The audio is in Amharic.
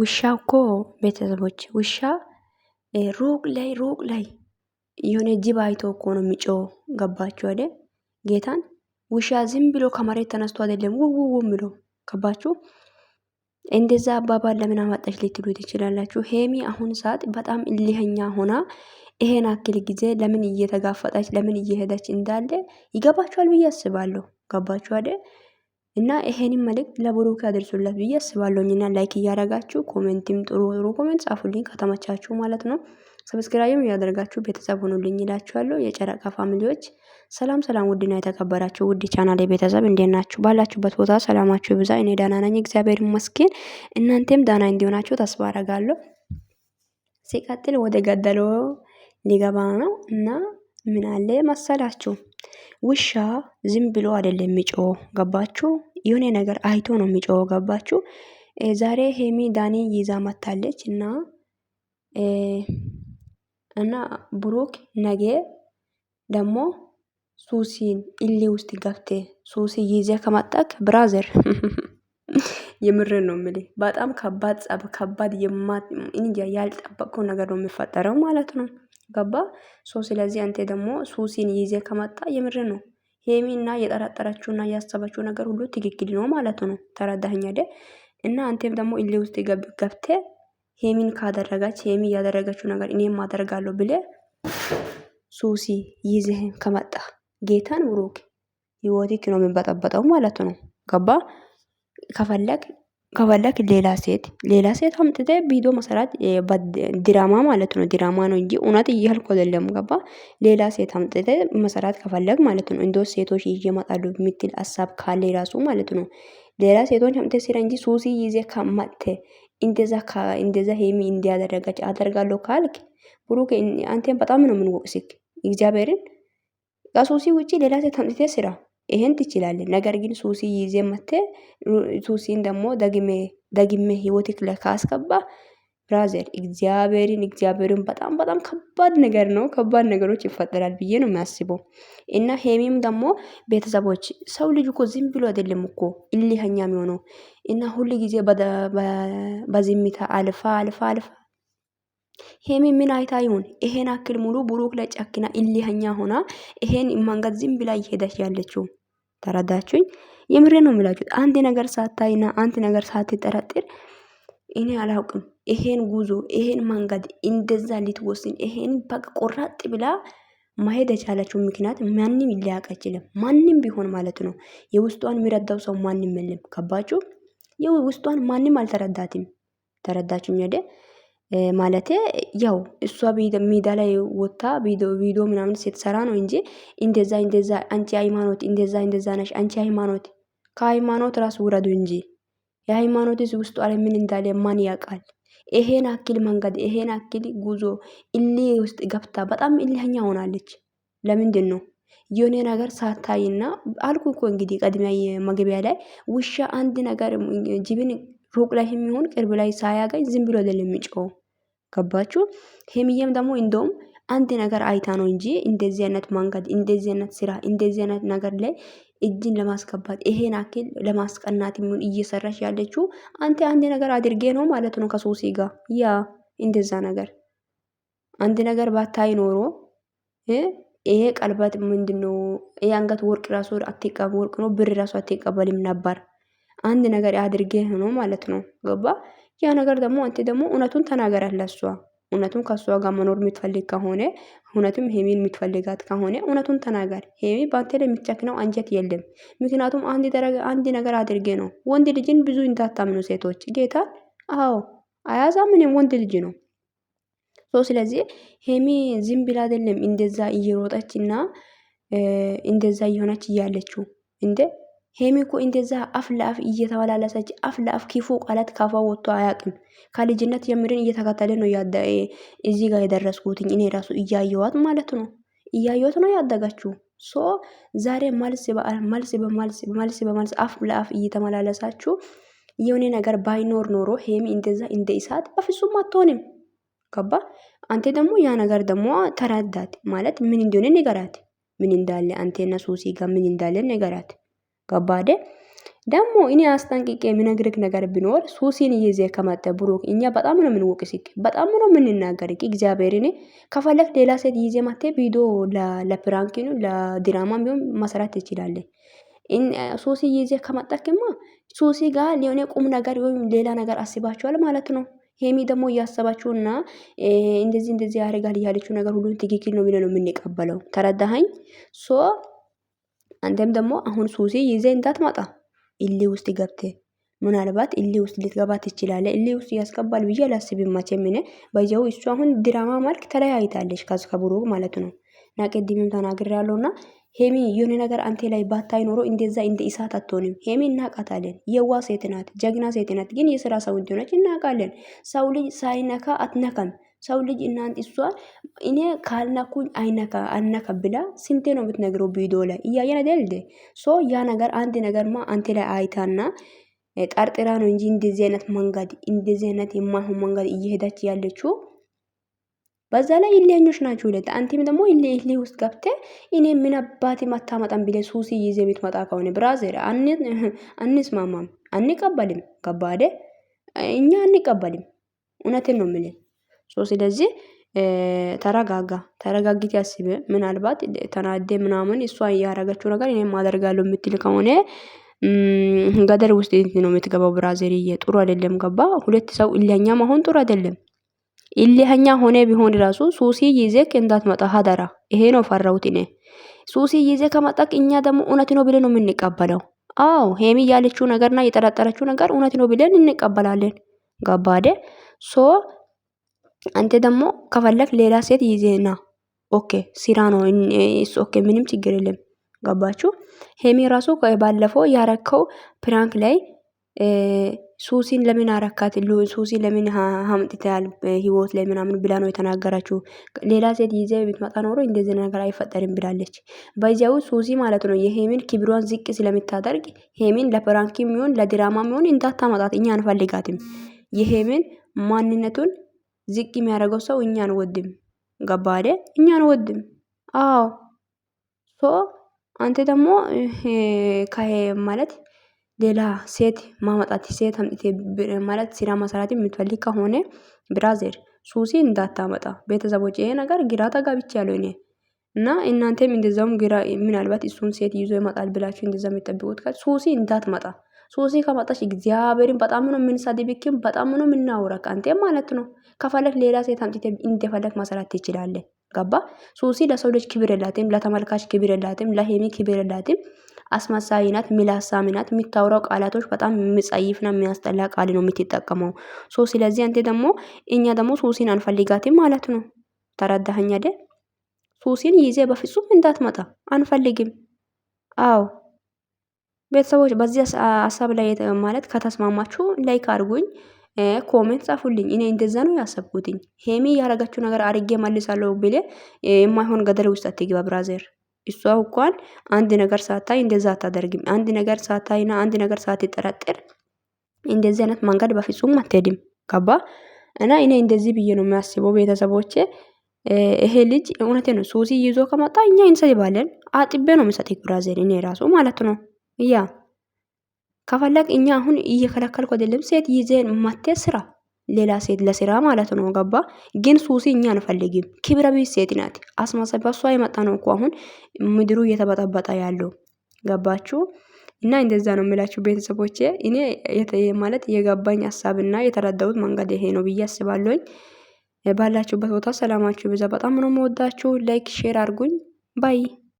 ውሻ እኮ ቤተሰቦች ውሻ ሩቅ ላይ ሩቅ ላይ የሆነ ጅብ አይቶ እኮ ነው የሚጮው። ገባችሁ አይደል? ጌታን ውሻ ዝም ብሎ ከመሬት ተነስቶ አይደለም ውውው ብሎ ገባችሁ? እንደዛ አባባል ለምን አመጣሽ ልትሉ ትችላላችሁ። ሄሚ አሁን ሰዓት በጣም እልህኛ ሆና ይሄን አክል ጊዜ ለምን እየተጋፈጠች ለምን እየሄደች እንዳለ ይገባችኋል ብዬ አስባለሁ። ገባችሁ አይደል? እና ይሄንን መልእክት ለብሩክ ያድርሱለት ብዬ አስባለሁኝና ላይክ እያደረጋችሁ ኮሜንትም ጥሩ ጥሩ ኮሜንት ጻፉልኝ ከተመቻችሁ ማለት ነው። ሰብስክራይብም እያደረጋችሁ ቤተሰብ ሁኑልኝ ይላችኋለሁ። የጨረቃ ፋሚሊዎች ሰላም ሰላም፣ ውድና የተከበራችሁ ውድ ቻናል ቤተሰብ እንዴት ናችሁ? ባላችሁበት ቦታ ሰላማችሁ ይብዛ። እኔ ዳና ነኝ፣ እግዚአብሔር ይመስገን። እናንተም ዳና እንዲሆናችሁ ተስፋ አረጋለሁ። ሲቀጥል ወደ ገደለው ሊገባ ነው እና ምን አለ መሰላችሁ ውሻ ዝም ብሎ አይደለም የሚጮ ገባችሁ የሆነ ነገር አይቶ ነው የሚጮ ገባችሁ። ዛሬ ሄሚ ዳኒን ይዛ መታለች እና እና ብሩክ ነገ ደግሞ ሱሲን እሊ ውስጥ ገብቴ ሱሲ ይዘ ከመጣክ ብራዘር የምር ነው ምል በጣም ከባድ ጸብ ከባድ የማ እንጃ ያልጠበቀው ነገር ነው የሚፈጠረው ማለት ነው። ገባ ሶ ስለዚህ አንተ ደግሞ ሱሲን ይዜ ከመጣ የምር ነው ሄሚ እና የጠራጠረችውና ያሰበችው ነገር ሁሉ ትክክል ነው ማለት ነው። ተረዳኸኝ አይደል? እና አንተም ደግሞ እሊ ውስጥ ገብተ ሄሚን ካደረገች ሄሚ ያደረገችው ነገር እኔም አደርጋለሁ ብለ ሱሲ ይዘህ ከመጣ ጌታን ብሩክ ህይወትክ ነው የሚበጠበጠው ማለት ነው። ገባ ከፈለግ ከፈለክ ሌላ ሴት ሌላ ሴት አምጥተ ቪዲዮ መሰራት ድራማ ማለት ነው። ድራማ ነው እንጂ እውነት እያልኩ አይደለም። ገባ ሌላ ሴት አምጥተ መሰራት ከፈለግ ማለት ነው። እንደ ሴቶች ይመጣሉ የምትል ሀሳብ ካለ ራሱ ማለት ነው። ሌላ ሴቶች አምጥተ ስራ እንጂ ሱሲ ይዜ ከመጥተ እንደዛ እንደዛ ሄሚ እንዲያደረገች አደርጋለሁ ካልክ ብሩክ፣ አንተን በጣም ነው የምንወቅስክ። እግዚአብሔርን ከሱሲ ውጪ ሌላ ሴት አምጥተ ስራ ይሄን ትችላለህ። ነገር ግን ሱሲ ይዜ መጥተህ ሱሲን ደግሞ ደግሜ ደግሜ ህይወትክ ላይ ካስገባ ብራዘር እግዚአብሔርን እግዚአብሔርን በጣም በጣም ከባድ ነገር ነው። ከባድ ነገሮች ይፈጠራል ብዬ ነው የሚያስበው። እና ሄሚም ደግሞ ቤተሰቦች ሰው ልጅ እኮ ዝም ብሎ አይደለም እኮ እልህኛ የሚሆነው እና ሁል ጊዜ በዝምታ አልፋ አልፋ አልፋ ሄሚ ምን አይታ ይሁን ይሄን አክል ሙሉ ብሩክ ላይ ጨክና እልህኛ ሆና ይሄን መንገድ ዝም ብላ እየሄደች ያለችው ተረዳችሁኝ? የምሬ ነው የምላችሁ። አንድ ነገር ሳታይና አንድ ነገር ሳትጠረጥር እኔ አላውቅም ይሄን ጉዞ ይሄን መንገድ እንደዛ ልትወስን ይሄን በቃ ቆራጥ ብላ ማሄድ የቻለችው ምክንያት ማንም ሊያውቅ አይችልም። ማንም ቢሆን ማለት ነው። የውስጧን የሚረዳው ሰው ማንም የለም። ከባችሁ የውስጧን ማንም አልተረዳትም። ተረዳችሁኝ ወደ ማለት ያው እሷ ሜዳ ላይ ወጥታ ቪዲዮ ምናምን ስትሰራ ነው እንጂ እንደዛ እንደዛ አንቺ ሃይማኖት እንደዛ እንደዛ ነሽ አንቺ ሃይማኖት ከሃይማኖት ራሱ ውረዱ እንጂ የሃይማኖትስ ውስጡ አለ ምን እንዳለ ማን ያውቃል? ይሄን አክል መንገድ ይሄን አክል ጉዞ እሌ ውስጥ ገብታ በጣም እልህኛ ሆናለች። ለምንድን ነው የሆነ ነገር ሳታይና አልኩ እኮ እንግዲህ ቀድሚያ መግቢያ ላይ ውሻ አንድ ነገር ጅብን ሩቅ ላይ የሚሆን ቅርብ ላይ ሳያገኝ ዝም ብሎ አይደለም የሚጮኸው። ገባችሁ? ሄምዬም ደግሞ እንደውም አንድ ነገር አይታ ነው እንጂ እንደዚህ አይነት መንገድ፣ እንደዚህ አይነት ስራ፣ እንደዚህ አይነት ነገር ላይ እጅን ለማስገባት ይሄን አክል ለማስቀናት ምን እየሰራች ያለችው አንተ አንድ ነገር አድርጌ ነው ማለት ነው ከሶሲ ጋር ያ እንደዛ ነገር አንድ ነገር ባታይ ኖሮ ይሄ ቀልበት ምንድነው? ይሄ አንገት ወርቅ ራሱ አትቀበል ወርቅ ነው ብር ራሱ አትቀበልም ነበር። አንድ ነገር አድርጌ ሆኖ ማለት ነው። ገባ ያ ነገር ደግሞ አንተ ደግሞ እውነቱን ተናገራት ለሷ። እውነቱን ከሷ ጋር መኖር የምትፈልግ ከሆነ እውነቱም ሄሚን የምትፈልጋት ከሆነ እውነቱን ተናገር። ሄሚ በአንተ ላይ የሚጨክነው አንጀት የለም። ምክንያቱም አንድ ነገር አድርጌ ነው። ወንድ ልጅን ብዙ እንዳታምኑ ሴቶች ጌታ። አዎ አያዛ ምንም ወንድ ልጅ ነው። ሶ ስለዚህ ሄሚ ዝም ብላ አይደለም እንደዛ እየሮጠችና እንደዛ እየሆነች እያለችው እንደ ሄሚ እኮ እንደዛ አፍ ለአፍ እየተመላለሰች አፍ ለአፍ ክፉ ቃላት ካፏ ወጥቶ አያቅም። ከልጅነት ጀምረን እየተከተለ ነው እዚ ጋር የደረስኩት እኔ ራሱ እያየዋት ማለት ነው እያየዋት ነው ያደጋችሁ። ሶ ዛሬ መልስ በመልስ በመልስ በመልስ አፍ ለአፍ እየተመላለሳችሁ የሆነ ነገር ባይኖር ኖሮ ሄሚ እንደዛ እንደ እሳት በፍጹም አትሆንም። ገባ? አንቴ ደግሞ ያ ነገር ደግሞ ተረዳት ማለት ምን እንደሆነ ንገራት። ምን እንዳለ አንቴና ሱሲ ጋር ምን እንዳለ ንገራት። ገባ አይደል? ደግሞ እኔ አስጠንቅቄ የምነግርህ ነገር ቢኖር ሱሲን ይዘህ ከመጠ ብሩክ፣ እኛ በጣም ነው የምንወቅስክ፣ በጣም ነው የምንናገርክ። እግዚአብሔር እኔ ከፈለክ ሌላ ሴት ይዘህ መጥተህ ቪዲዮ ለፕራንክ ነው ለድራማ ቢሆን መስራት ትችላለህ። ሱሲ ይዘህ ከመጣክማ ሱሲ ጋር የሆነ ቁም ነገር ወይም ሌላ ነገር አስባችኋል ማለት ነው። ሄሚ ደግሞ እያሰባችሁና እንደዚህ እንደዚህ ያደርጋል እያለችው ነገር ሁሉ ትክክል ነው ብለን ነው የምንቀበለው። ተረዳኸኝ ሶ አንተም ደግሞ አሁን ሱሴ ይዘህ እንዳትመጣ እልህ ውስጥ ገብተህ ምናልባት እልህ ውስጥ ልትገባ ትችላለህ። እልህ ውስጥ ያስገባል ብዬ አላስብም። መቼም እኔ በዚያው እሱ አሁን ድራማ መልክ ተለያይታለች ከዚ ከብሩክ ማለት ነው እና ቅድምም ተናግሬያለሁ እና ሄሚ የሆነ ነገር አንቴ ላይ ባታይ ኖሮ እንደዛ እንደ እሳት አትሆንም። ሄሚ እናቃታለን። የዋ ሴት ናት፣ ጀግና ሴት ናት። ግን የስራ ሰው እንደሆነች እናቃለን። ሰው ልጅ ሳይነካ አትነካም። ሰው ልጅ እናንት እሷ እኔ ካልነኩኝ አይነካ አነካ ብላ ስንቴ ነው የምትነግረው? ቪዲዮ ላይ እያየን አይደል እንዴ? ሶ ያ ነገር አንድ ነገርማ አንቴ ላይ አይታና ጠርጥራ ነው እንጂ እንደዚህ አይነት መንገድ እንደዚህ አይነት የማይሆን መንገድ እየሄዳች ያለችው። በዛ ላይ እልኸኞች ናቸው ሁለት። አንቲም ደግሞ እልህ ውስጥ ገብተ እኔ ምን አባቴ ማታመጣም ብለ ሱሲ ይዜ የምትመጣ ከሆነ ብራዘር አንስማማም፣ አንቀበልም። ከባደ እኛ አንቀበልም። እውነትን ነው ምልን ሶ ስለዚህ ተረጋጋ ተረጋግት ያስብ። ምናልባት ተናዴ ምናምን እሷ እያረገችው ነገር እኔም አደርጋለሁ የምትል ከሆነ ገደል ውስጥ ነው የምትገባው። ብራዘርዬ ጥሩ አይደለም። ገባ ሁለት ሰው እልኸኛ መሆን ጥሩ አይደለም። እልኸኛ ሆነ ቢሆን ራሱ ሱሲ ይዘክ እንዳትመጣ ሀደራ። ይሄ ነው ፈራሁት እኔ። ሱሲ ይዜ ከመጣቅ እኛ ደግሞ እውነት ነው ብለን ነው የምንቀበለው። አዎ ሄሚ ያለችው ነገርና የጠረጠረችው ነገር እውነት ነው ብለን እንቀበላለን። ገባ አይደል ሶ አንተ ደግሞ ከፈለክ ሌላ ሴት ይዜና ኦኬ ሲራ ነው እሱ። ኦኬ ምንም ችግር የለም። ገባችሁ? ሄሚ ራሱ ባለፈው ያረከው ፕራንክ ላይ ሱሲን ለምን አረካት? ሱሲን ለምን ሀምጥታል ህይወት ላይ ምናምን ብላ ነው የተናገራችሁ። ሌላ ሴት ይዘ ብትመጣ ኖሮ እንደዚህ ነገር አይፈጠርም ብላለች። በዚያው ሱሲ ማለት ነው የሄሚን ክብሯን ዝቅ ስለምታደርግ ሄሚን ለፕራንክ ሚሆን ለድራማ ሚሆን እንዳታመጣት እኛ አንፈልጋትም። የሄሚን ማንነቱን ዝቅ የሚያደርገው ሰው እኛ አንወድም። ገባ አይደል? እኛ አንወድም። አዎ ሶ አንተ ደግሞ ከሄ ማለት ሌላ ሴት ማመጣት ሴት አምጥቴ ማለት ስራ መሰራት የምትፈልግ ከሆነ ብራዘር ሱሲ እንዳታመጣ። ቤተሰቦች ይሄ ነገር ግራ ያለው እኔ እና እናንተም እንደዛውም ግራ ምናልባት እሱን ሴት ይዞ ይመጣል ብላችሁ እንደዛ የምጠብቁት ሱሲ እንዳትመጣ ሶሲ ከመጣሽ እግዚአብሔርን በጣም ነው የምንሳድብክም፣ በጣም ነው የምናወራክ አንተ ማለት ነው። ከፈለክ ሌላ ሴት አምጥተ እንደፈለክ ማሰራት ትችላለህ። ገባ? ሶሲ ለሰው ልጅ ክብር የላትም፣ ለተመልካች ክብር የላትም፣ ለሄሚ ክብር የላትም። አስመሳይ ናት፣ ሚላሳም ናት። የምታወራው ቃላቶች በጣም የሚጸይፍና የሚያስጠላ ቃል ነው የምትጠቀመው። ሶ ስለዚህ አንተ ደግሞ እኛ ደግሞ ሶሲን አንፈልጋትም ማለት ነው። ተረዳኸኝ አይደል? ሶሲን ይዜ በፍጹም እንዳትመጣ አንፈልግም። አዎ ቤተሰቦች በዚህ ሀሳብ ላይ ማለት ከተስማማችሁ ላይክ አድርጉኝ፣ ኮሜንት ጻፉልኝ። እኔ እንደዛ ነው ያሰብኩትኝ። ሄሚ ያረጋችሁ ነገር አርጌ መልሳለሁ ብሌ የማይሆን ገደል ውስጥ አትግባ ብራዘር። እሷ እንኳን አንድ ነገር ሳታይ እንደዛ አታደርግም። አንድ ነገር ሳታይና አንድ ነገር ሳትጠረጥር እንደዚህ አይነት መንገድ በፍጹም አትሄድም። ገባ እና እኔ እንደዚህ ብዬ ነው የሚያስበው ቤተሰቦቼ። ይሄ ልጅ እውነቴ ነው ሶሲ ይዞ ከመጣ እኛ እንሰድባለን። አጥቤ ነው የምሰጥ ብራዘር እኔ ራሱ ማለት ነው። ያ ከፈለግ እኛ አሁን እየከለከልኩ አይደለም። ሴት ይዘን ማቴ ስራ ሌላ ሴት ለስራ ማለት ነው። ገባ ግን ሱሲ እኛ አንፈልግም። ክብረ ቢስ ሴት ናት። አስመሳይ በሷ የመጣ ነው እኮ አሁን ምድሩ እየተበጠበጠ ያለው ገባችሁ? እና እንደዛ ነው የሚላችሁ ቤተሰቦች እኔ ማለት የገባኝ ሀሳብና የተረዳሁት መንገድ ይሄ ነው ብዬ አስባለሁኝ። ባላችሁበት ቦታ ሰላማችሁ ብዛ። በጣም ነው መወዳችሁ። ላይክ ሼር አድርጉኝ። ባይ